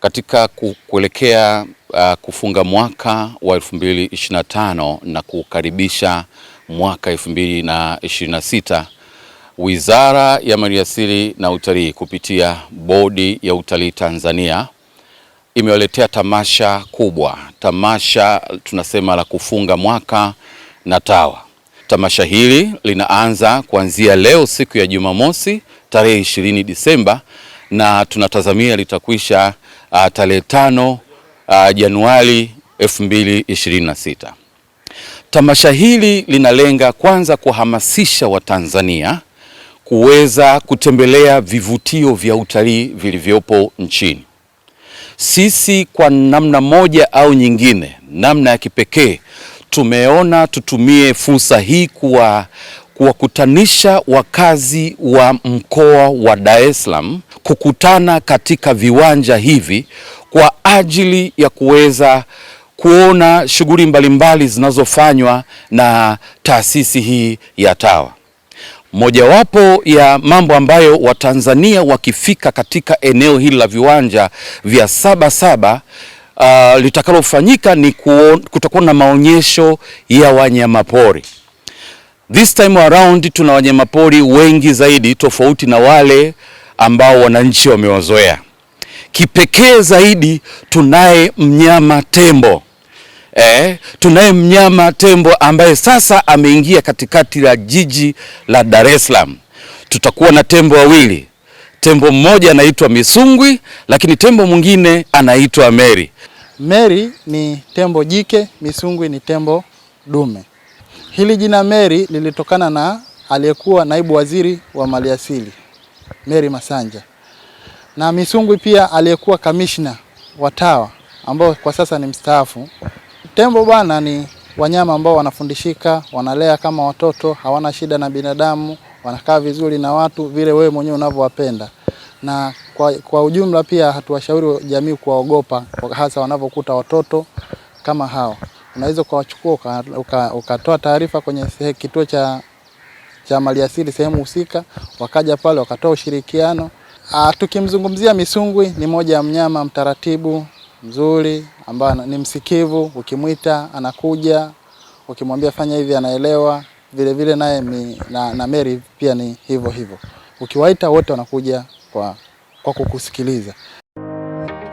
katika kuelekea uh, kufunga mwaka wa 2025 na kukaribisha mwaka 2026, Wizara ya Maliasili na Utalii kupitia Bodi ya Utalii Tanzania imewaletea tamasha kubwa, tamasha tunasema la kufunga mwaka na TAWA. Tamasha hili linaanza kuanzia leo siku ya Jumamosi tarehe 20 Disemba na tunatazamia litakwisha Ah, tarehe tano ah, Januari 2026. Tamasha hili linalenga kwanza kuhamasisha Watanzania kuweza kutembelea vivutio vya utalii vilivyopo nchini. Sisi kwa namna moja au nyingine, namna ya kipekee, tumeona tutumie fursa hii kuwa kuwakutanisha wakazi wa mkoa wa Dar es Salaam kukutana katika viwanja hivi kwa ajili ya kuweza kuona shughuli mbalimbali zinazofanywa na taasisi hii ya TAWA. Mojawapo ya mambo ambayo Watanzania wakifika katika eneo hili la viwanja vya Sabasaba uh, litakalofanyika ni kutakuwa na maonyesho ya wanyamapori. This time around tuna wanyamapori wengi zaidi tofauti na wale ambao wananchi wamewazoea. Kipekee zaidi tunaye mnyama tembo. Eh, tunaye mnyama tembo ambaye sasa ameingia katikati la jiji la Dar es Salaam. Tutakuwa na tembo wawili. Tembo mmoja anaitwa Misungwi, lakini tembo mwingine anaitwa Meri. Meri ni tembo jike, Misungwi ni tembo dume. Hili jina Mary lilitokana na aliyekuwa naibu waziri wa maliasili Mary Masanja na Misungwi pia aliyekuwa kamishna wa TAWA ambao kwa sasa ni mstaafu. Tembo bwana ni wanyama ambao wanafundishika, wanalea kama watoto, hawana shida na binadamu, wanakaa vizuri na watu vile wewe mwenyewe unavyowapenda. Na kwa, kwa ujumla pia hatuwashauri jamii kuwaogopa hasa wanavyokuta watoto kama hao unaweza ukawachukua ukatoa uka, uka taarifa kwenye kituo cha, cha maliasili sehemu husika, wakaja pale wakatoa ushirikiano. Ah, tukimzungumzia misungwi, ni moja ya mnyama mtaratibu mzuri ambaye ni msikivu. Ukimwita anakuja, ukimwambia fanya hivi anaelewa. Vilevile naye na, na Mary pia ni hivyo hivyo, ukiwaita wote wanakuja kwa, kwa kukusikiliza.